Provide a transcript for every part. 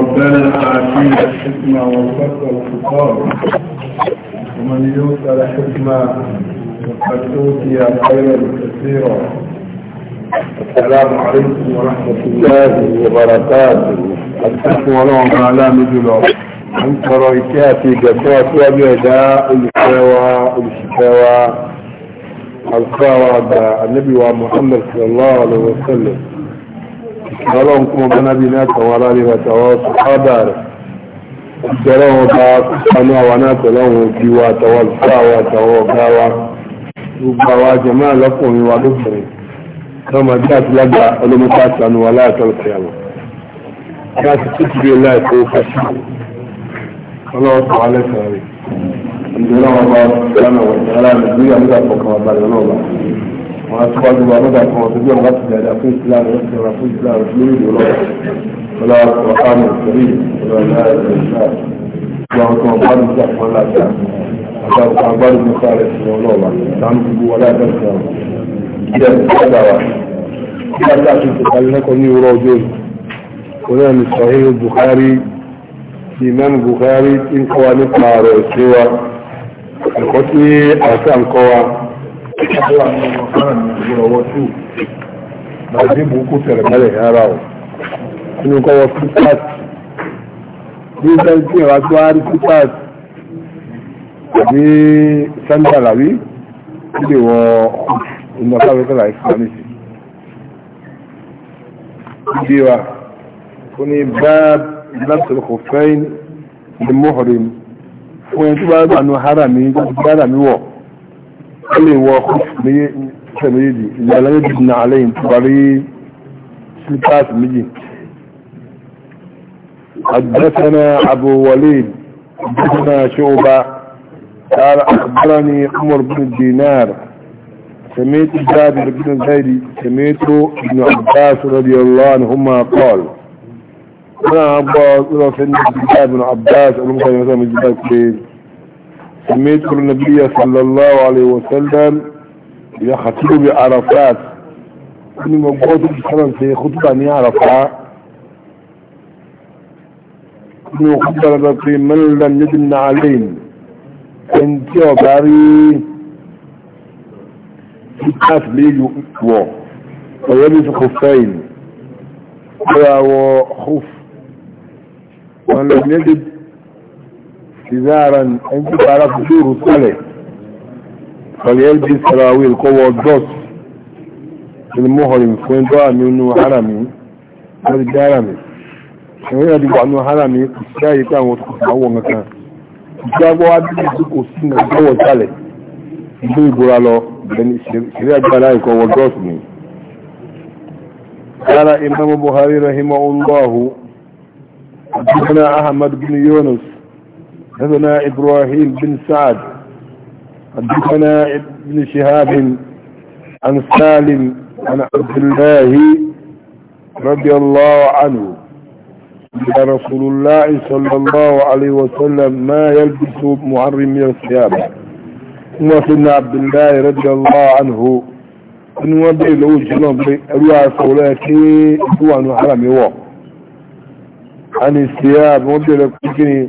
ربنا آتينا الحكمة والفقه والفقار ومن يؤتى الحكمة فقد أوتي خيرا كثيرا السلام عليكم ورحمة الله وبركاته الحكمة لهم على مجلو أنت رأيكاتي جفاف وبيداء الشواء الشواء القاوى النبي ومحمد صلى الله عليه وسلم ọlọ́run kún ọba nábì ní àtàwọn aráàlú àtàwọn sọ́kádà rẹ̀ ìjọrọ̀ wọn bá sánú àwọn náà tọ́lọ́run òbí wa àtàwọn àlùfáà wa àtàwọn ọ̀gá wa gbogbo àwọn àjẹmọ́ àlọ́kùnrin wa lóbìnrin lọ́mọdé àti lágbà ọlọ́mọdé àtàwọn wa láàtọ́lọ́ àwọn. láti títí bí tó wà وأتقاد بأمدع كما تبيع غطف على أخي السلام ويسر أخي السلام وحميد ولا ولا وقام الكريم ولا لا الإنسان وأنتم أبعاد الزحف ولا تعلم أبعاد أبعاد المصالح والله تعمل ولا تنسى إذا تتدعى إذا تعطي تتعلمكم يوروجون هنا من صحيح البخاري الإمام البخاري إن قوى نقرأ رأسوا القتل أحسن قوى ó wà nínú ọmọ náà ní ìgbọ́n ọwọ́ tù bàbá ìbùkún tẹ̀lẹ̀ mẹ́lẹ̀ rárá o nínú kọ́wọ́ two pass bí sẹ́yìn tí ìwà tó wá rí two pass àbí sẹ́ńdà làwí ó lè wọ ìmọ̀ sáfẹ́fẹ́ láì fún wa níṣẹ́ ديوا كوني باب لبس الخفين للمحرم قال لي هو خش سميدي إذا لم يجبنا عليهم تبري سلطات مجي حدثنا أبو وليد حدثنا شعبة قال أخبرني عمر بن الدينار سميت جابر بن زيد سميت ابن عباس رضي الله عنهما قال أنا عباس رسول الله بن عباس أنا مثلا مثلا سميت النبي صلى الله عليه وسلم يا خطيب بعرفات اني ما قلت بسلام في خطبة أني عرفها اني خطبة بقي من لم يدن علينا انت وباري في الناس بيجوا ويلبس خفين ويا وخف ولم يجد إزارا أنت تعرف شور الصلاة فليلبس سراويل قوة الدوس المهرم فين دعا منه حرمي هذا جارمي ṣẹ̀wọ́n yàdí wà ní ọ̀hánà ní ìṣẹ́ ayé pé àwọn ọ̀tọ̀kọ̀ àwọ̀ nǹkan ìṣẹ́ agbọ́ adúlé tí kò sí ní ọjọ́ ìsàlẹ̀ ìlú ìbúra lọ bẹni ìṣẹ̀lẹ̀ àjọ aláìkọ̀ wọ gọ́ọ̀sì ni. Rárá Imam Buhari rahimahullahu, حدثنا إبراهيم بن سعد حدثنا ابن شهاب عن سالم عن عبد الله رضي الله عنه يا رسول الله صلى الله عليه وسلم ما يلبس معرم من الثياب وصلنا عبد الله رضي الله عنه ان وضعي له جنوب رواية صولاتي هو انه حرم يوم عن الثياب وضعي له كني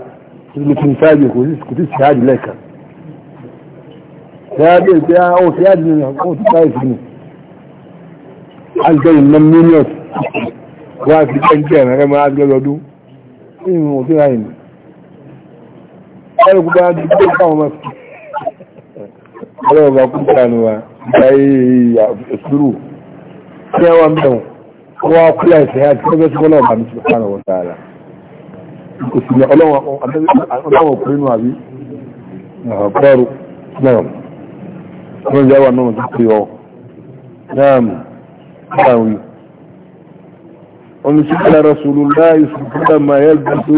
ní kí n sáàjì kò sí sáàjì lẹ́ẹ̀kan sáàjì pé ah, ó sáàjì ní ọkọ̀ tó sáàjì sí ni alìjẹ́ ìmọ̀ mílíọ̀n wá sí ẹgbẹ́ ẹ̀rẹ́ mọ́ alìjẹ́ lọ́dún ní ìwọ̀n òtí ra ìní ẹ̀rọ kúta ti gbé fáwọn ọmọ sí ẹ̀rọ ọba kúta ni wa ìgbáyé ìṣúrù tí wọ́n bẹ̀rù wọ́n kúlẹ̀ ìṣẹ́ àti ẹgbẹ́ tí wọ́n náà bá mi ti fara wọ́n sára òsìlẹ̀ ọlọ́wọ̀ pínú àbí àpẹẹrù náà wọ́n yáwà náà tó pè ọ náàmù káàwì wọ́n sí kọ́lá rasulù láì sùkúrà ma yẹ́ gbẹ́sù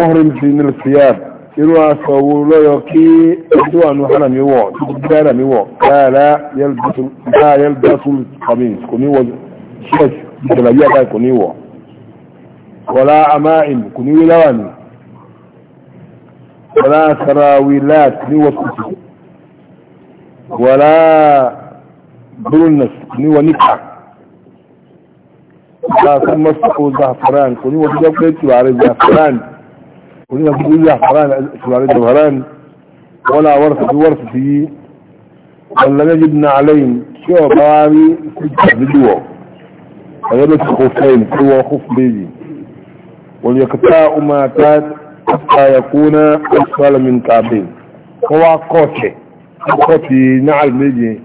ọ̀rìn sí ní siyar irú aṣọ owó lọ́yọ̀ kí ẹjọ́ àánú hànà tó gbẹ́ hànà mi yẹ́ gbẹ́sù ولا عمائم كنوي لواني ولا سراويلات كنوي ولا برنس كنوي ونكع ولا سمسكوا الزهفران كنوي وكذا سواري الزهفران كنوي وكذا الزهفران سواري الزهفران ولا ورث ورثتي ولا نجدنا عليهم شو باري سجد بدوه ويبت خوفين هو خوف بيجي وليقطع ما تات حتى يكون أسفل من كعبين هو قوتي قوتي نعل ميجي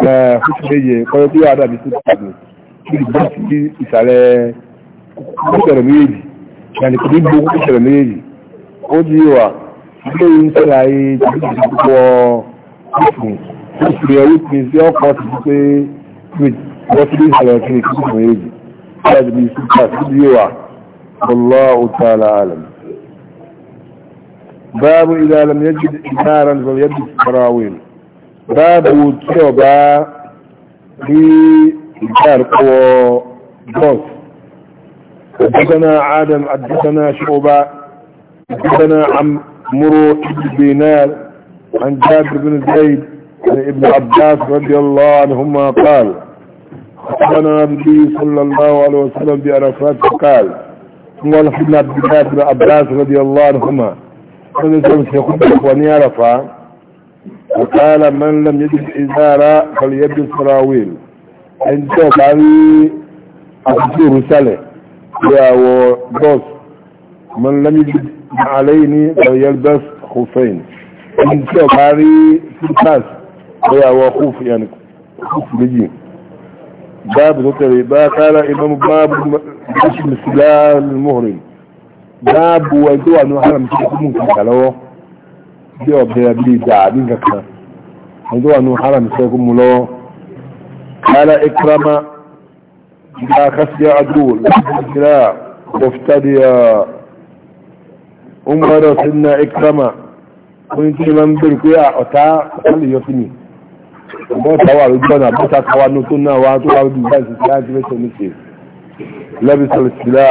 فوش ميجي قوتي هذا بسيط كعبين كل بسيط إسالة كسر ميجي يعني كل بوك كسر ميجي قوتيوا ilé iṣẹ́ ayé tàbí púpọ̀ ìfún ìfún ẹ̀rí pín sí ọkọ̀ ti pé wọ́n ti ní ìsàlẹ̀ kí ní والله تعالى عالم باب إذا لم يجد إنسانا فليجد فراوين باب توبة في قوى بوس حدثنا عادم حدثنا شعبة حدثنا مرو بن دينار عن جابر بن زيد عن ابن عباس رضي الله عنهما قال حدثنا النبي صلى الله عليه وسلم بأرفات فقال قال في بن عباس رضي الله عنهما وقال من لم يجد إزارة فليبدو سراويل انتو قال أخذ رسالة يا وقص من لم يجد عليني فليلبس خوفين انتو قال سلطاس يا وخوف يعني خوف بجين باب نتري باب قال إمام باب بسم السلال المهرم باب وانتوى أنه حرم تكون كالوه bí ọ̀bẹ̀ bí ìdàbí kankan ọjọ́ wà ní haram ìṣẹ́gun mú lọ́wọ́ kala ikrama ìgbà kásíyà àjò látíkira ọ̀fítàdíyà umaru sinna ikrama oní tí ma ń bèèrè pé ọ̀tá ọ̀tá lè yọ sí ni bọ́ta wà lójú ọ̀nà bọ́ta káwà ní tó náà wá tó wá lójú ìgbà ìsìnkú láti mẹ́sẹ̀ ní ṣe lẹ́bí sọ̀rọ̀ sílá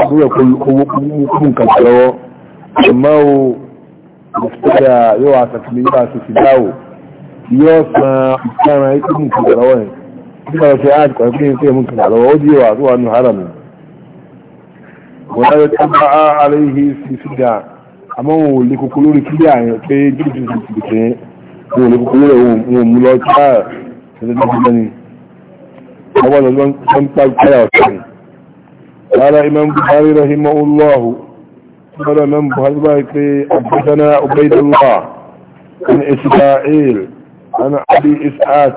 àbúrò owó kúrú nǹkan lọ́wọ́ àmọ́ o ìfẹ́dà yóò wá sàtìmí yóò wá sí o yóò san ìtara ikú nǹkan lọ́wọ́ ẹ̀ bí wọ́n ṣe áàdì kan fún ìfẹ́ nǹkan lọ́wọ́ ó di wà tó wà nù haram wọ́n wọn lè kúrò wọn mú lọ táà ṣẹlẹ̀ lọ́sí lẹ́ni ọwọ́ lọ lọ́n pàkàrà ọ̀sán rárá imam buhari rahimu allahu sọ́rọ̀ imam buhari bá pé abúdana ubaidullah an isra'il an abi isaac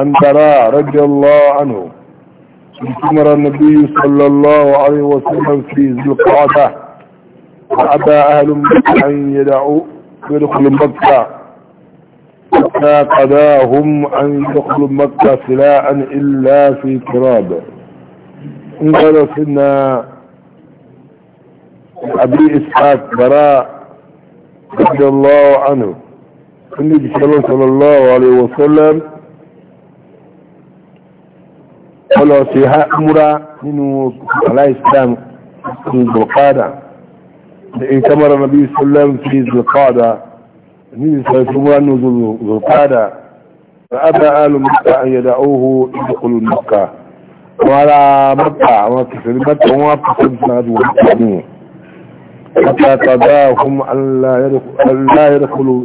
an dara radiyallahu anhu استمر النبي صلى الله عليه وسلم في ذي القعدة فأبى أهل مكة أن يدعوا ويدخل مكة حتى قداهم أن يدخلوا مكة سلاعا إلا في تراب قال سيدنا أبي إسحاق براء رضي الله عنه النبي صلى الله عليه وسلم قال سيها أمرا منه على إسلام في القادة إن كمر النبي صلى الله عليه وسلم في القادة النبي صلى الله عليه وسلم ذو القعدة فأبى آل مكة أن يدعوه يدخلوا مكة وعلى مكة وكفر مكة وكفر مكة حتى تباهم أن لا يدخلوا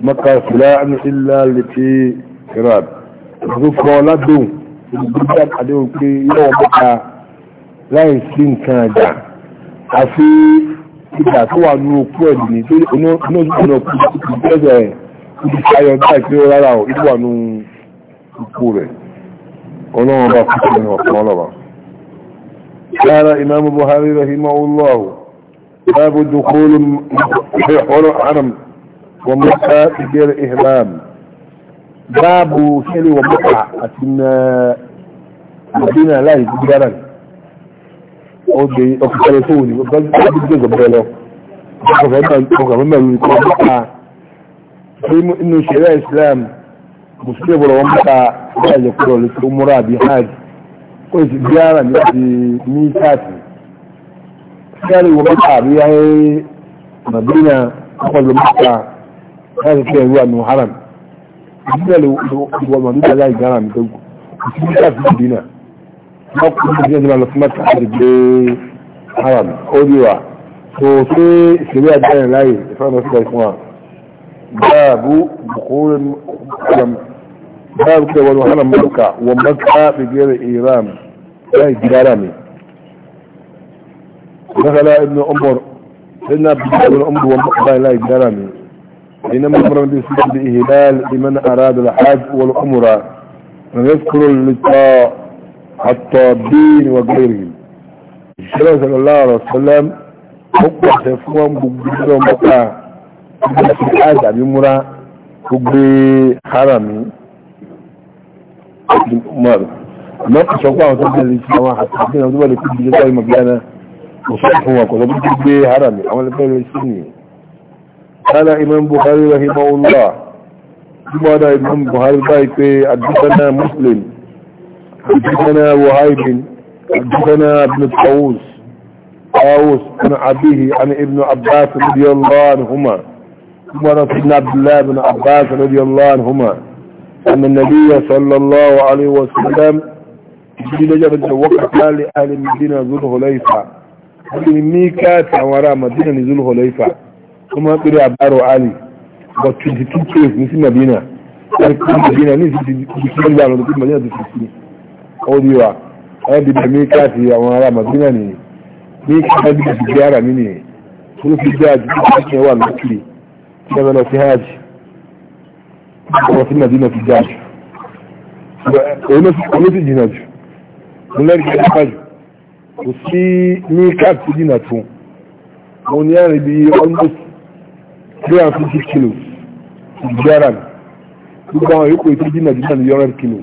مكة فلاء إلا التي كراب ذوف ولده البلدان عليهم في يوم مكة لا يسين كندا أفي ìgbà tó wà ní okú ẹ̀dì ní tó oní ojúbọ̀nà kú ìgbẹ́gbẹ̀ ẹ̀ ibi ayọ̀ bá ìpínlẹ̀ rárá ò ìlú wà ní okú rẹ̀ ọlọ́run bá kú sí ọ̀kan ọlọ́ba lára imam buhari rahimahullah babu dukulu ọ̀rọ̀ haram wa mọ́ta ìgbẹ́ ihram babu sẹ́lẹ̀ wa mọ́ta àti na madina láì gbára ọdẹ ọkùnkẹrẹ tó wù ní gbọ́gbẹ́gbẹ́ bẹ̀rẹ̀ lọ ọkùnkẹrẹ mẹ́rin ní kọ́ mọ́ta inú ṣẹlẹ̀ Islam musulmi bọ̀rọ̀ wọn mọ́ta bá yẹ kúrò lè fi múra àbí hajj ó sì bí ara ní ti ní káàtì sẹ́rì wọn mọ́ta àbí ayé Madina ọkọ̀lọ́ mọ́ta láti fi ẹ̀rú àmì haram ìdílé wọn mọ́ta láì gára mi tó kù òsì ní káàtì Madina mọ́kànlá jẹ́ ìjọba lọ́sí mẹ́ta àdìgbé haram ó ní wa kò sí ìṣẹ̀lẹ̀ àjáyẹ̀ láyé ìfẹ́ràn lọ́sí ìfún wa báàbù bukúrin haram báàbù kí wọn haram mọ́ka wọn mọ́ka bìgẹ́rẹ̀ iran láì jírára mi مثلا ابن عمر سيدنا عبد الله بن عمر ومقبل لا يجرى منه بينما امر بالسجود بإهلال لمن أراد الحج والعمرة ويذكر للطاق الطابين وغيرهم الشرع صلى الله عليه وسلم حق سفوان بقدر مكة في الحاجة بمرا بقدر حرمي مر ما تشوفوا أن تبدأ الإسلام حتى كنا نقول لك كل جزء مبيانا وصحوا وكذا بقدر حرمي عمل بين السنين قال إمام بخاري رحمه الله ثم أنا إمام بخاري بايك أدبنا مسلم حدثنا وهيب حدثنا ابن الطاووس طاووس عن أبيه عن ابن عباس رضي الله عنهما بن عبد الله بن عباس رضي الله عنهما أن النبي صلى الله عليه وسلم في نجرة وقت لأهل المدينة ذو الخليفة ميكات وراء مدينة ذو الخليفة ثم قرأ عبارة علي but 22 years نسي مدينة لكن مدينة نسي مدينة نسي مدينة ọdíwà ẹ́dìbẹ̀ mẹ́kàtí àwọn ará madina ni mẹ́kàtí ti gbé ara mi nìyẹn tó fi jẹ́ àjíkàtí wà lókìlì tí wọ́n lọ sí hajj wọ́n sí madina ti jẹ́ àjù òun ló sì jìnà jù mo lẹ́rìí kí wọ́n jù kò sí mẹ́kàtí jìnà tó mo ní àrìn bí almost three and fifty kilos ti gbé ara mi gbogbo àwọn yòókù ètò jìnà jìnà ní yọrọ kìlọ̀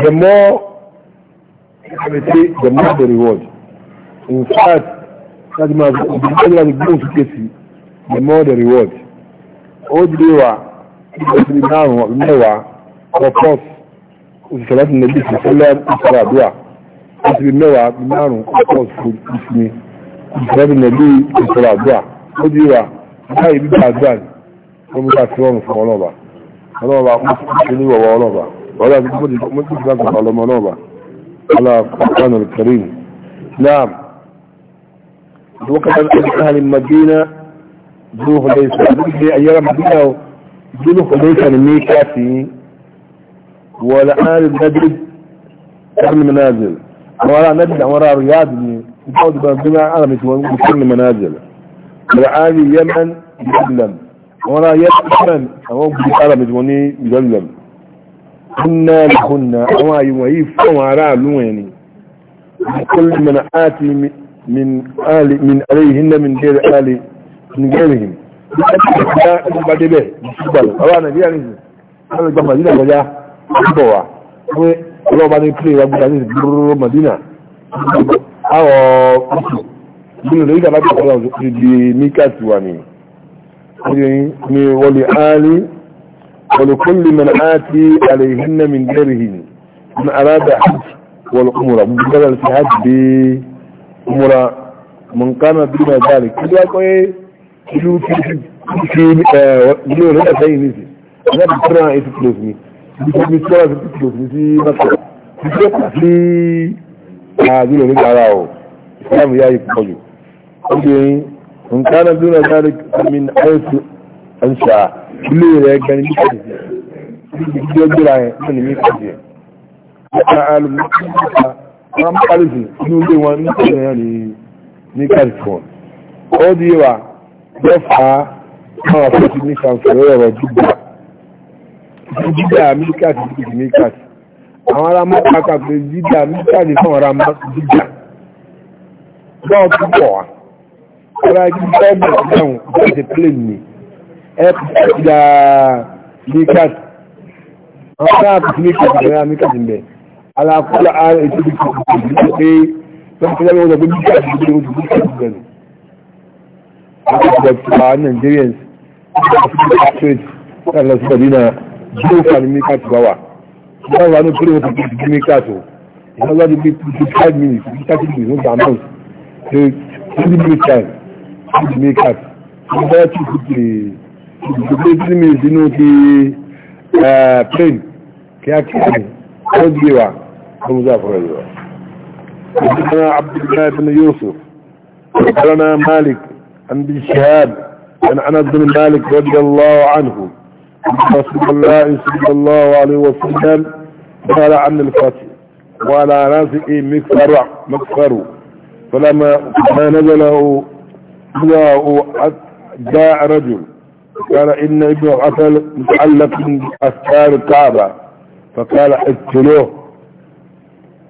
the more I say the more the reward in fact that means the more the are to get the more the reward ó di wa ìgbésí márùn ún mẹ́wàá kọ́kọ́s òṣìṣẹ́ láti nàbí ìṣẹ̀lẹ̀ ìṣẹ̀lẹ̀ àdúrà láti bí mẹ́wàá márùn ún kọ́kọ́s ìṣẹ̀lẹ̀ ìṣẹ̀lẹ̀ láti nàbí ìṣẹ̀lẹ̀ àdúrà ó di wa báyìí bí bá àdúrà ni wọ́n mú ká sí ọ̀run fún ọlọ́ba ọlọ́ba ó sì ṣe ní ولا مدرس لازم على منوبة على القرآن الكريم نعم وكان أهل المدينة ذو ليس أيام المدينة ذو ليس الميكاتي ولا أهل النبي كرم منازل ولا نبي ولا رياض يقعد بما عالم كرم منازل ولا آل اليمن يسلم ولا يمن هو بيقال مدوني يسلم kunna lahunna àwọn àyíwọ̀n yìí fún aráàlú wọn ni kullu man ati min ali min alayhinna min ghairi ali min ghairihim ba debe bal awa na biya ni ala gba madina goja bo wa we lo ba ni play wa gba ni brrr madina awo bin lo ida ba ko lo di mikatu wa ni ni wali ali ولكل من آتي عليهن من غيرهن من أراد حج والأمرة مبدل الحج بأمرة من قام بما ذلك كل يقول إيه كيلو كيلو كيلو رأى شيء نسي أنا بسرعة إيه تكلوسني بسرعة تكلوسني في مصر بسرعة في هذه آه، من إيه كان دون ذلك من حيث أنشأ كل gbígbé gbéra ẹ̀ ní ní méjì ẹ̀ nípa alùmọ́sílẹ̀ wọn pàlùsì inú ilé wọn ní ìpínlẹ̀ náà ní ní california ó di wa yóò fa àwọn afẹ́sí ní sanfẹ̀rẹ́ ọ̀rọ̀ gbígbà gbígbà amíríkà ti di amíríkà ti àwọn ará mọ́ta kàpé gbígbà amíríkà ni fún ọ̀rá gbígbà bọ́ọ̀ púpọ̀ wa ọ̀rá gbígbà ọ̀gbọ̀n ìdáhùn ìdájẹ́ pílẹ̀ ní ẹ̀ pẹ̀lú ìdá amíríkà ti ọ̀sá àtìsílẹ̀kì ìgbẹ̀rẹ̀ amíkàtì ń bẹ̀ alákọ́lá ara ètò ìgbẹ̀rẹ̀ pé lọ́pọ̀lọpọ̀ wọ́n gbé bíkà ìgbẹ̀rẹ̀ ojú bíkà ìgbẹ̀rẹ̀ ọ̀pọ̀lọpọ̀ pa Nigerians ọ̀pọ̀lọpọ̀ straight ẹ̀lọ́ sí ọ̀dínà jóòfà ní míkàtì bá wà wọ́n wà ní pé wọ́n ti di míkàtì ìgbàlọ́ di bíi two five minutes míkàtì bíi no amount ṣe twenty minutes time to di míkàtì ìgbàlọ́ ti di ìgbàlọ́ ti di míkàtì nínú ti plane kíákíá ni ó di wa حدثنا عبد الله بن يوسف حدثنا مالك عن ابن شهاب عن انس بن مالك رضي الله عنه رسول الله صلى الله عليه وسلم قال عن الفتح وعلى راسه مكفر مكفر فلما ما نزله جاء رجل قال إن ابن عسل متعلق بأسفار الكعبة فقال اقتلوه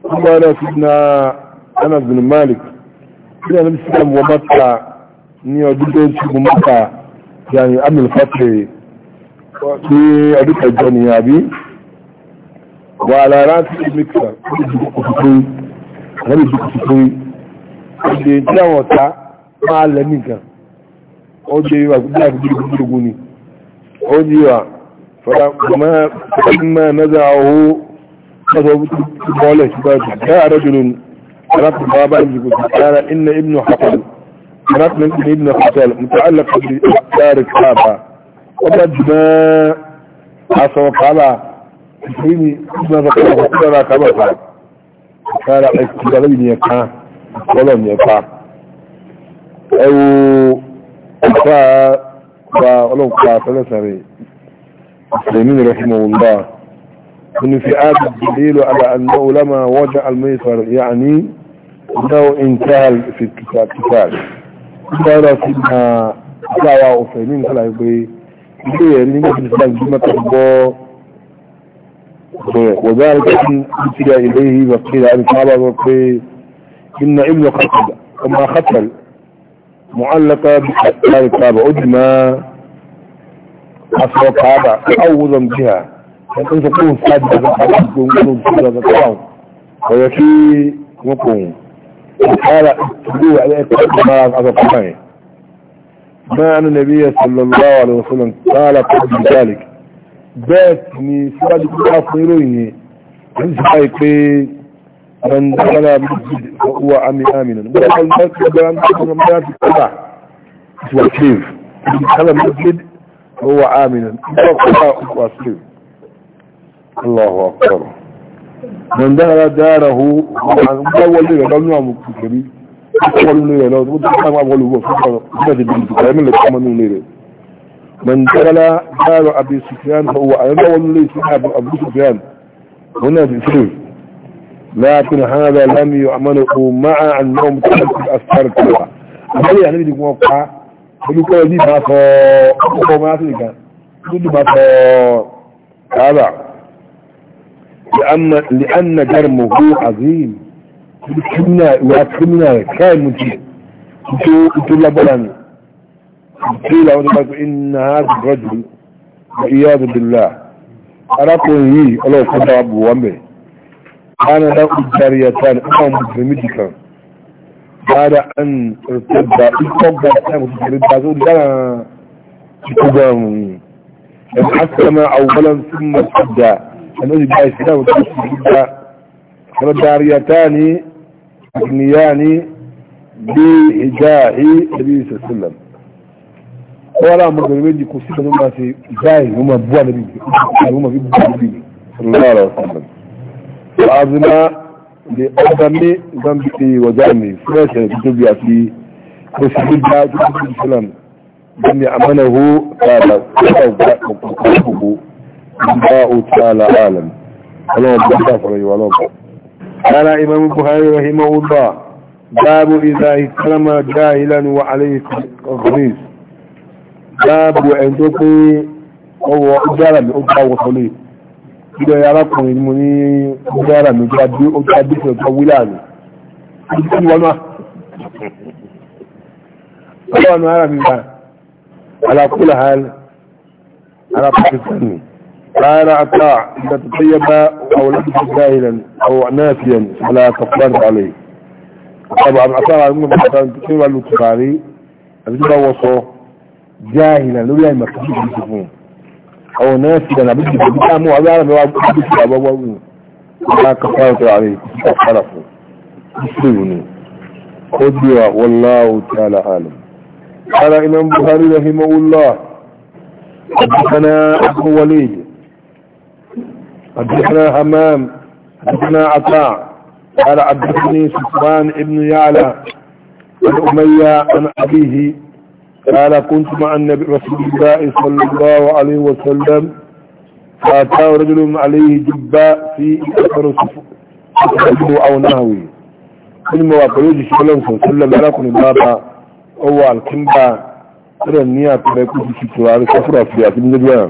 ثم انا سيدنا انس بن مالك كده النبي صلى الله عليه وسلم ومكه ní ọdún tó ń ṣubú mọ́ta yàrin amil fatri tí ọdún kẹjọ ni àbí wà lára tí ó mìkà lórí ìdíkù tuntun ọdẹ tí àwọn ọ̀tá máa lẹ́ nìkan ó dé wà gbígbà gbígbà gbígbà ni ó ní wà فلما فلما نزعه قال جاء رجل رب بابا قال ان ابن حصل رب من ابن حقل متعلق بدار الكعبة وقد ما عصى وقال فيني ابن ذكره قال إيه، كبر قال اكتبني يقع ولم يقع او فا فا ولو قاتل سري المسلمين رحمه الله إن في هذا الدليل على أنه لما وجع الميسر يعني أنه انتهى في الكتاب قال سيدنا دعوة أسلمين فلا يبقى إليه لما الإسلام جمع تحبه وذلك إن أتي إليه وقيل عن كعبة وقيل إن ابن قتل وما قتل معلقة بحث الكعبة أدمى أصوات هذا أولا بها أن تكون سادة حبيب ونقول سادة قوام ويكي مقوم وقال اتبعوا على اتبعوا ما أصدقائي ما أن النبي صلى الله عليه وسلم قال قبل ذلك باتني سؤال أصيريني عندما يقول من دخل مسجد فهو عمي آمنا ودخل المسجد بأن تكون مدافع السبع اسمه كيف دخل مسجد هو عاملا الله أكبر من دخل داره أول ليلة لو نعم كبير أول ليلة لو تقول أول ليلة من دخل دار أبي سفيان هو أول ليلة أبي سفيان هنا في السجن لكن هذا لم يؤمنه مع أنهم تحت الأسفار كلها هل يعني بدي أقول olùkọ́ ẹni máa sọ ọkọ̀ ọmọ láti nìkan lójú máa sọ kààbà lè anna jarmo kó azim ìwà kírímìnà rẹ̀ káìmù ti tó ìtò lágbára ni tí ìlàwọn ọdún pàtó iná àti gọ́jù wà iya ọdúnlá arákùnrin yìí ọlọ́ọ̀kọ́ dáwà bù wọ́n بعد أن ارتد الكبر الإسلام في أولا ثم ارتد الذي جاء الإسلام وتسجد فالداريتان أغنيان بهجاء النبي صلى الله عليه وسلم ولا مغربين يكون سيدنا ما في جاهز هم أبوان النبي هم في صلى الله عليه وسلم وعظم lè ọ́dàmé zambi wàjáàmì fúrẹ́sẹ̀ títóbi àti kòsìlélá títóbi islam gani amanahu tààlà kòkòkòkò bá o tààlà alam ọlọ́wọ́ bá bá fọ̀rọ̀ yíwa lọ́pọ̀ ara imam buhari rahimahullah babu idha kalama jahilan wa alayhi qamis babu ẹjọ́ pé ọwọ́ jára mi ó gbá wọ́sọ̀lẹ́ ìjọ ya arákùnrin mo ní gbára mi gba bí ó gba bí ìjọba wílà mi ìjọba ni wọn wá ọlọ́wọ́ ni ara mi gbà alákùnrin ha ara pakistan ni rárá ata ìgbà tó tẹ́yẹ bá àwòlọ́dún dáhìlẹ̀ àwọ̀ náà fi ẹ̀n sọlá kàfúrán balẹ̀ ọba àtàrà àwọn ọmọ bàtà tó tẹ́yẹ bá lu tùkàrí àti tó bá wọ́ sọ jáhìlẹ̀ lórí àìmọ̀ tó tẹ́yẹ fún un او ناس ناسيا لابد بدعة مو عبارة بابا بابا لا كفارة عليه كفارة مسلمني خذوا والله تعالى عالم قال امام البخاري رحمه الله حدثنا ابو وليد حدثنا همام حدثنا عطاء قال حدثني سفيان ابن يعلى عن اميه عن ابيه قال كنت مع النبي رسول الله صلى الله عليه وسلم فأتى رجل عليه جباء في أثر صفحه أو نهوي كل ما وقلوج صلى الله عليه وسلم لكم بابا هو الكنبا ترى النية ترى كل شيء ترى كفر في من الجوان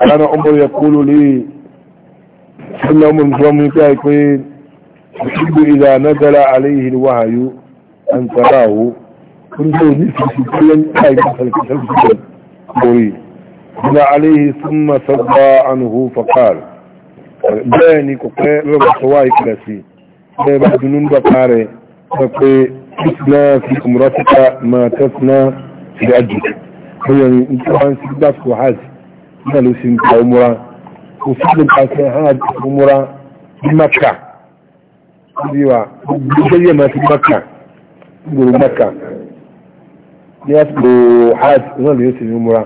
كان عمر يقول لي سنة عمر مسلم يقول أحب إذا نزل عليه الوهي أن تراه كنت كلا قائد قريب بنى عليه ثم صدى عنه فقال باني كوكي لما سواي كلاسي بابا دنون بقاري فقي تسنى في امرتك ما تسنى في اجلك هي يعني انتوان سيدات وحاسي قالوا سنك عمره وسيدنا كاسي هاد عمره بمكة ديوا بجيه ما في مكة يقولوا مكة ní àsìkò hajj náà lè sì ní múra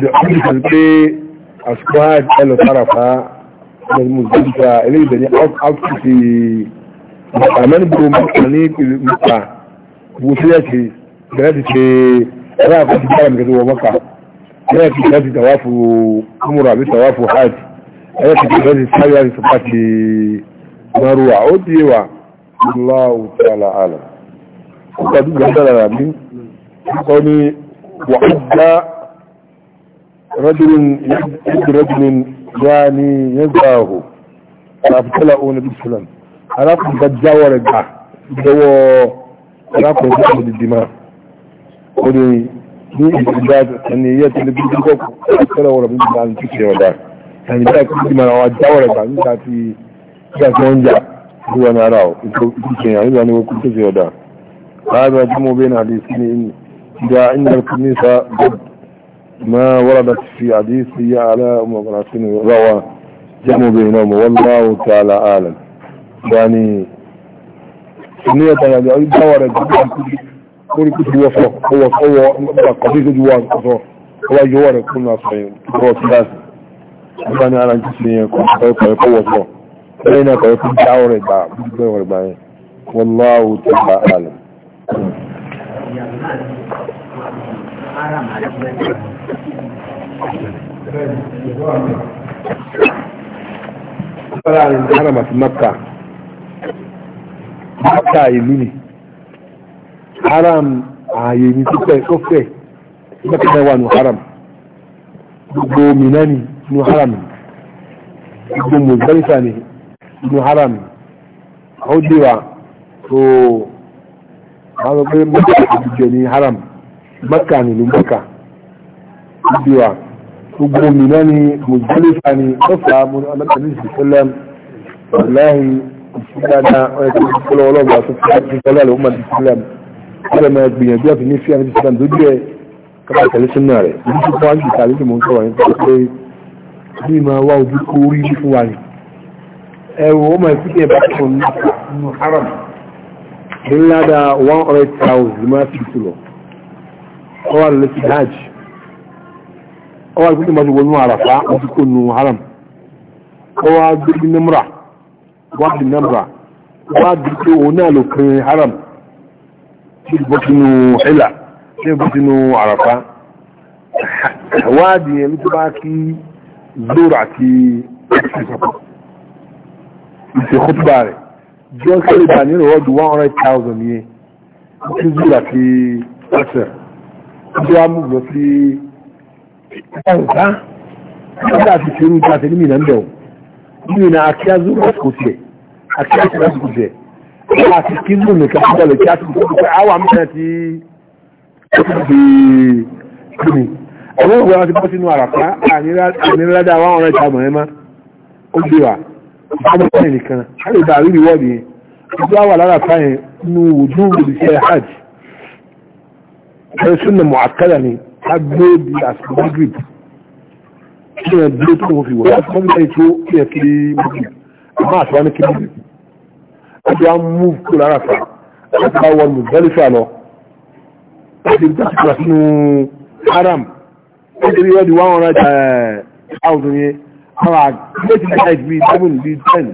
the only thing pé àsìkò hajj ẹlò tàràfà ní mùsùlùmíta eléyìí bẹ̀ ní outfit mọ̀tà mẹ́rin bó mọ̀tà ní mọ̀tà wo sílẹ̀ sí bẹ̀rẹ̀ ti ṣe ẹ̀rọ àkọsí bára mi kẹsì wọ mọ́kà ẹ̀rọ ti ṣe tàwáfù múra àbí tàwáfù hajj ẹ̀rọ ti ṣe ti sáré àti sọpá ti maruwa ó di wa Allahu ta'ala Ó gbàdúgbà dára rà قال وعد رجل يد رجل يعني يزاه فابتلأوا النبي صلى الله عليه وسلم عرفوا بجاوة رجع جوا عرفوا بجاوة الدماء قولي ni ìgbàdà ẹni yẹ́ tí lè bí gbogbo ọ̀pọ̀lọpọ̀ ọ̀rọ̀ bí gbogbo àti ṣe ọ̀dá ẹni bẹ́ẹ̀ kí ti mara wa jáwọ̀ rẹ̀ gbà nígbà tí gbà tí wọ́n ń jà ìwọ̀n ara ọ̀ ìṣẹ̀yàn nígbà ní okùn tó ṣe ọ̀dá. láàbẹ̀ tí mo bẹ́ẹ̀ náà lè sí ní جاء إن الكنيسة قد ما وردت في حديث على على مقرأتين روى جمع بينهم والله تعالى أعلم يعني سنية يعني دورة جدا كل كتب وصف هو هو قضية جوان قصر هو جوان كلنا صحيح هو ثلاثة يعني على جسمية كل قوة صح بين قوة دورة بعض والله تعالى أعلم ara màá fẹ́. Bọ́lá ni Haram àti Makka. Makka ìlú ni. Haram ààyè ní sípẹ̀ sọ́fẹ̀. Makka náà wà nù Haram. Gbogbo Mina ni nù Haram. Gbogbo Mùsùlùmí ni nù Haram. Àwọn òdìwà tó àwọn ọgbẹ́ mọ́tò ní Haram mẹ́kà nílùú mẹ́kà níbi wa gbogbo mìíràn ni mùsùlùmí ni ọ̀fà alábẹ̀rẹ̀ ìṣẹ̀lẹ̀ ọ̀láhìn ìṣẹ̀dáda ọ̀yẹ́kọ̀ ìṣẹ̀lẹ̀ ọlọ́gbà tó fi láti ìṣẹ̀lẹ̀ àlọ́ ọmọdé ìṣẹ̀lẹ̀ ọ̀rẹ́ máa gbìyànjú àti ní fíà ní ìṣẹ̀lẹ̀ tó jẹ́ kápá tẹ̀lé sínú rẹ̀ ní ti fún àjù tàbí tí mò ń sọ̀rọ̀ nípa pé bí máa wá ojú kó rí ní fún wa ni ẹ̀wọ̀ ó máa fíkẹ́ bá fún un ní haram ní ńlá one hundred thousand ọwọ́ rẹ̀ lẹ́sí hajj ọwọ́ rẹ̀ kúkú mọ́tò wọnú àràfá àti kò nù haram ọwọ́ gbẹ́gbẹ́ nẹ́mùrà wádìí nẹ́mùrà wádìí pé òun náà lò kiri haram tí ó bọ́ sínú hila tí ó bọ́ sínú àràfá wádìí ẹni tó bá kí zoro àti ìṣèkútùbà rẹ̀ jọ́sẹ̀ ìbàníròwọ́dù 100,000 yẹn tí zoro àti ẹsẹ̀ ọjọ́ wa mú lọ sí ọ̀gá nígbà tí ṣerú ìta tẹ̀lé mi náà ń bẹ̀ o nínú ìná akíá zúrú àsìkò tiẹ̀ akíá zúrú àsìkò tiẹ̀ ọjọ́ àti kí zúrú nìkan tó bọ̀lẹ̀ kí á ti kó pé àwọn amúnà ti ó ti di kíni ọwọ́ ìwé wọn ti bọ́ sínú àràpá ànírádà wọn ọ̀rẹ́ ìta mọ̀ẹ́ má ó gbé wa ìjọba ọ̀rẹ́ nìkan á lè bá rí ìwọ́ọ̀dì yẹn ìjọba wà lára fáyẹn nínú òdúró ìṣẹ́ hajj ẹ̀rọ súnà mọ̀ọ́kádà ni a gbé bí àsìkò magrib kí ẹ̀ dúró tó wọ́n fi wọ̀ láti mọ́gbẹ́ ẹ̀ tó kí ẹ̀ fi magrib àmọ́ àti wọn ní kí magrib láti wọn mú kó lára fa láti wọn wọn Muzdalifa lọ láti rí láti kúrò sínú haram láti rí wọ́n di one hundred eh, thousand yẹn àwọn àgbẹ̀tì láti bí seven bí ten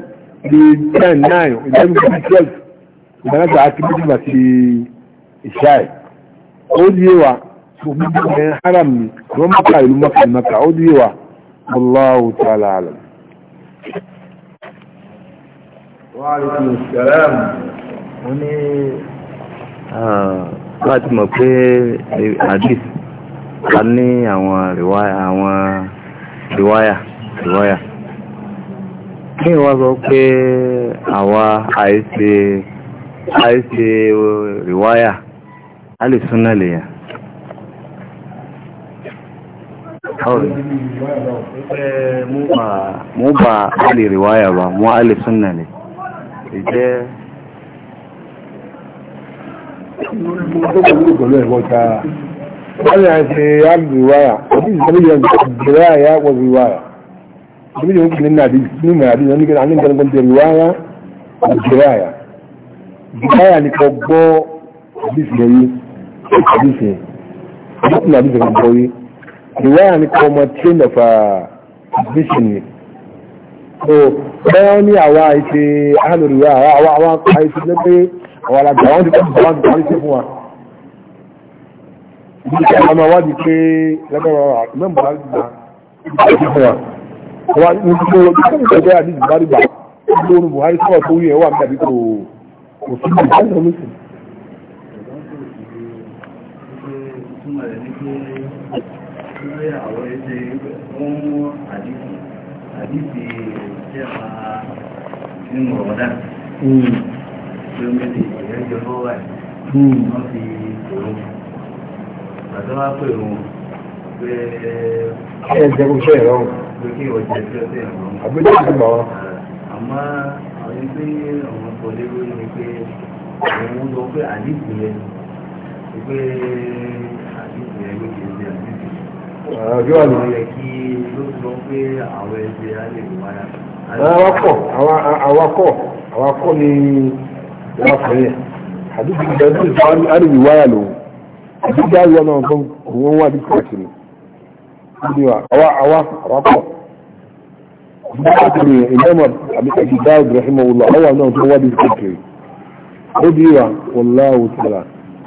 bí ten nine eleven bí twelve ìgbàlódé àti magrib àti ìṣáì ó di yawa ɗayan haram ne don maka ilu maka maka ó di yawa wallahu ta'ala alam wa alaikun salam wani láti mọ̀ pé hadith a ní àwọn riwaya àwọn riwaya riwaya ní ìwọ́n sọ pé àwa àìsè àìsè riwaya alìsúnà lèyàn mu ba ali riwaya ba mu ali sunna ne ije wani ase ya riwaya wani zama ya jira ya wa riwaya wani da hukumin na da sinu mai adi wani gina hannun ganin da riwaya a jiraya jiraya ni kogbo a bisu yayi hadisi ne hadisin hadisi kan kawai riwaya ne kawai mace da fa hadisi ne so bayan wani awa ya ce ahalu riwaya awa awa a yi sunan bai a wala ga wani kan ba da kwari sai kuma bi ka ama wadi pe lagara nan ba da kuma wa ni ko ko da hadisi bari ba ko buhari ko ko yewa da bi ko ko sun da musulmi àdìsí ṣe nínú ọ̀dà tí hmm. ó mẹ́lẹ̀ ìrẹ́jọ lọ́wọ́ ẹ̀ hmm. wọ́n fi òun àti wọ́n á pè òun pé ẹ jẹ́ kó ìrọ̀ pé kí ọjà ẹjọ́ sí ẹ̀rọ àgbẹ̀dẹ̀ ti gbà wọ́n. àmọ́ àwọn ẹgbẹ́ ọ̀hún kò lérò ni pé òun lọ pé àdìsí yẹn pé àdìsí yẹn ló kì í ṣe ọjọ́ wà lórí rẹ̀. awakọ̀ awakọ̀ awakọ̀ ni awakọ̀ yẹn àdúgbò ìgbà tó sọ àríwí wáyà lòun àdúgbò àríwá náà kan òun wà ní kọ̀ọ̀kiri awakọ̀ bákàtìrì ìmọ̀mọ̀ àbíkàjìdá ìbrahim ọlọ́ àwọ̀ náà tó wádìí kọ̀ọ̀kiri ó bí wà wọ́n láwùtàlá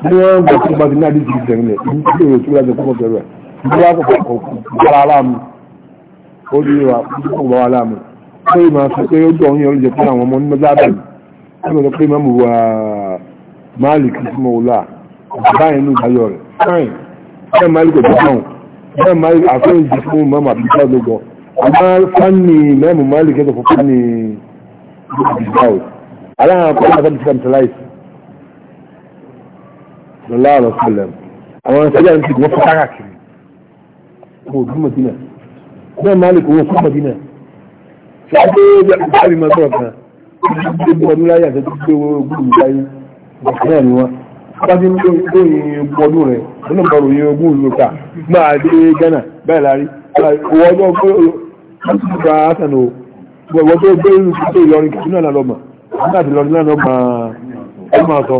ní wọ́n gbọ́ tó bá ti náà dìjì ìjẹ̀rìnlẹ̀ ìlú tó rẹ̀ tó rẹ̀ tó kọ́kọ́ ìjọba kò bára aláàmù ó ní ìwà kò bára aláàmù pé ìmọ̀ sọ pé ó dọ̀ọ́ yẹn oúnjẹ fún àwọn ọmọ onímọ̀ jábẹ̀lì ó lọ pé mọ́mù wà máàlì kì í mọ̀ wùlà báyìí ní ìdájọ́ rẹ̀ fáìn bẹ́ẹ̀ máàlì kò dáhùn bẹ́ẹ̀ máàlì àfẹ́yìn jù fún mọ́mù àbíkọ́ lógọ àmọ́ fánì mẹ́mù máàlì kẹ́tọ̀ fún fánì ìgbàwò aláhàn akọ́lá àtàbí sàmìtàláìsì lọ́lá àlọ́sọ̀lẹ̀ àwọn ìṣẹ́jà ń ti káàkiri owó òdú Madina bẹ́ẹ̀ Malik owó òdú Madina ṣe é gbé ẹgbẹ́ ìbáàrí máa sọ̀rọ̀ kan ṣe gbé ọdún láyé àti gbé owó ogún ìlú láyé bàtà ni wọn bá ti ń lóyìn ọdún rẹ̀ nínú bọ̀rọ̀ yẹn ogún ìlú ta máa dé Ghana bẹ́ẹ̀ lárí owó ọjọ́ gbé ọgbà Hasan o gbogbo tó gbé ìlú tó Ìlọrin kìtì náà lọ́mọ láti lọ́rin náà lọ́mọ ọmọ sọ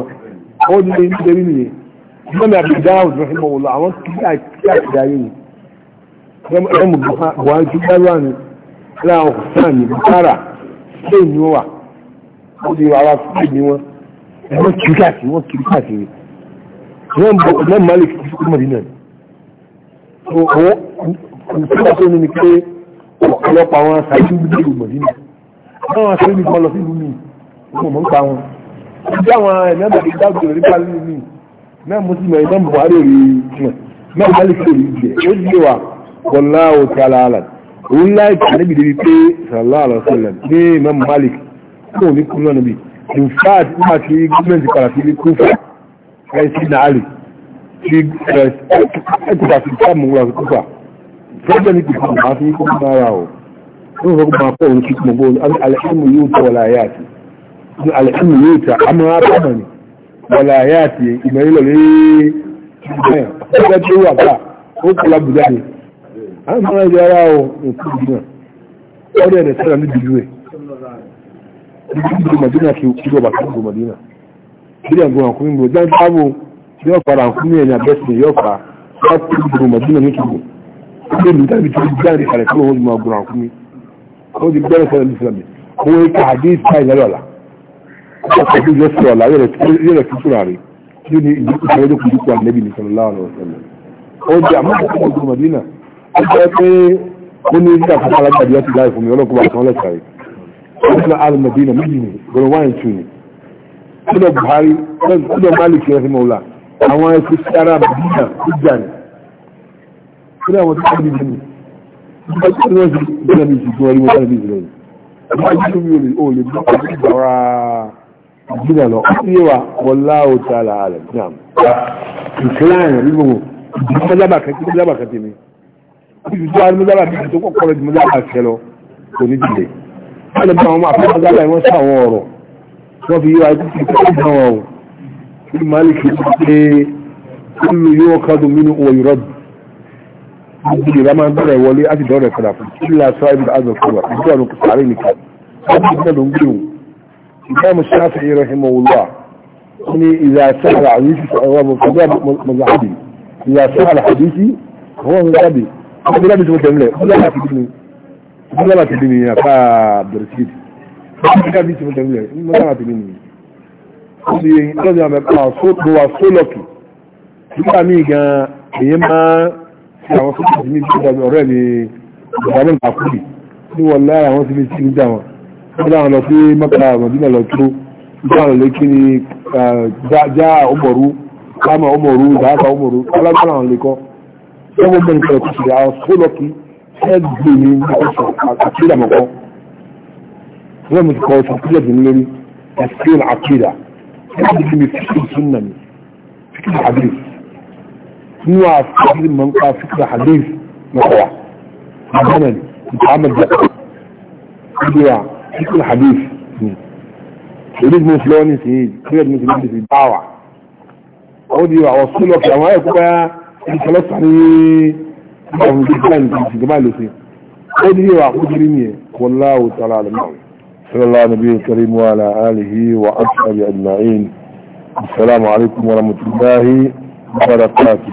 ó ní ní nítorí nìyẹn mọ́mí àbí dáhùn rẹ̀ mọ́wọ́lọ́ àwọn kí àkíyà ìdáyé yìí ẹmu buhari tí gbárùwà ní láà ọ̀sán ní bukara spain ni wọ́n wà ó di ara spain ni wọ́n wọ́n kiri káàkiri wọ́n kiri káàkiri wọ́n bọ̀ ọ̀gbọ́n malik tí kò mọ̀dínà ìpínlẹ̀ tó ní ni pé ọ̀pọ̀lọpọ̀ àwọn aṣáájú ní ìlú mọ̀dínà àwọn aṣáájú ní ìbọn lọ sí ìlú mi wọ́n mọ̀ ń pa wọn ìdí àwọn ẹ̀mẹ́bà ti dáàbò rí pálí mi náà mo ti mọ̀ ẹ̀mẹ́ buhari rí tiwọn náà malik rí jẹ ó di wa wallahu ta'ala alam òun láì kà níbi débi pé sallallahu alaihi wasallam ní imam malik tó ní kú náà níbi in fact nígbà tí gọ́ọ̀mẹ̀ntì padà sí ní kúfà ẹ̀sìn náà lè ti ẹ̀kùfà sí sáàmù wà sí kúfà fẹ́jọ́ ní kìkọ́ máa fi kó máa ra ọ̀ ní wọ́n fọ́kọ́ máa pọ̀ òun kí mọ̀ bóun alẹ́kùnmù yóò tọ́ wọlá ayé àti alẹ́kùnmù yóò tà á máa bá mọ̀ ní wọlá ayé àti ìmọ̀ ilẹ̀ lé a ń sọ́nà ìyára o òkú ìdínà ọdẹ ẹ̀dẹ̀ sẹ́ra ní bìlú ẹ̀ bíbí mọ̀dínà kí ó bàbá kí ó mọ̀dínà bíbí àgbọn àkúnmí bò dáńtà ààbò yóò fara àkúnmí ẹ̀yà bẹ́sẹ̀ yóò fa wá kí ó bò mọ̀dínà ní kìbò ilé mi tàbí tó jáde kalẹ̀ kí wọ́n mọ̀ àgbọn àkúnmí ó ti gbẹ́rẹ̀ sẹ́ra ní ìsìlámì kó wọ́n ká àdé ìta ìlẹ́lọ́ ọ̀la ó kọ̀ bí yóò sọ̀rọ̀ ọ̀la yẹ̀rẹ̀ fi túra rẹ̀ yóò ní ìdíkù sọ̀rọ̀ ó jẹ́ pé ó ní ìdí àkókò alágbàdì láti láì fún mi ọlọ́kùn bá tán lẹ́sàrí ó ní àrùn mọ̀dínà méjì ni gbọ́nà wáyé tù ní kúlọ̀ Buhari kúlọ̀ Malik rẹ̀ fún mọ́lá àwọn ẹ̀sìn sí ara mọ̀dínà tó jà ní kúlọ̀ àwọn tó kọ́ níbi ní ìgbà tí wọ́n ti gbọ́nà ní ìsìnkú ọrí mọ́tà ní ìsìnkú ọmọ ajé tó mi ò lè gbọ́ àwọn ìgbàwà mọ̀dínà lọ ó yé wa wọlá ó ta àlàálẹ̀ náà ìkíláàrin rí gbogbo ìdí ìdíjú alimọ́dára bí tó kọ́kọ́ lọ jùmọ́dára fẹ́ lọ kò ní dìde wọ́n lè bá àwọn afẹ́mọ́dára wọ́n sọ àwọn ọ̀rọ̀ wọ́n fi yíwa ikú fi kọ́ ìgbà wọn o ní máàlìkì tó pé kúlù yóò kádùn mínú owó yọrọ bù gbogbo ìlà máa ń bẹ̀rẹ̀ wọlé láti dọ́rẹ̀ padà fún kí ilà sọ ibi azọ kúrò àti ọ̀nà sàárè nìkan wọ́n àwọn ọmọdé tó tẹ̀lé ọlọ́wà ti bí mi ọlọ́wà ti bí mi àpá bẹ̀rẹ̀ sí ọmọdé tó tẹ̀lé ọlọ́wà ti bí mi ó sì lọ́dọ̀ àmì ẹ̀kọ́ àṣọ́tò wa sólọ́kì nígbà míì gan èyí máa ṣe àwọn sókè ní ìjọba ọ̀rẹ́ mi ìjọba àkúrì ní wọn lára àwọn sí ní sí nígbà wọn nígbà wọn lọ sí mọ́kà mọ̀dínà lọ tó nígbà wọn lè kí ni já ọmọrú kámà ọmọrú dáhàkà ọmọrú alágbára wọn lè kọ́ lọ́wọ́ mẹ́rin kan ti ṣe àwọn fólọ́kì ẹgbẹ́ mi ní ọ̀sán àkídà mọ̀kọ́ wọ́n mi kọ́ ọ̀sán kílẹ̀ mi lórí ẹ̀sìn àkídà ẹgbẹ́ mi fíkì súnà mi fíkì hadith nínú àfíkì mọ̀ nípa fíkì hadith mọ̀kọ́wà àgbọ̀nà ni ìtààmọ̀ jẹ́ ìdíra fíkì hadith ni ìdíjì mo fi lọ́wọ́ ní sí kílẹ̀ mi ti lọ́wọ́ ní sí báwà ó di àwọn fólọ́kì àwọn ẹ̀kọ́ báyà ìfọlọ́sà يعني والله تعالى صلى الله نبي الكريم وعلى آله وأصحابه أجمعين السلام عليكم ورحمة الله وبركاته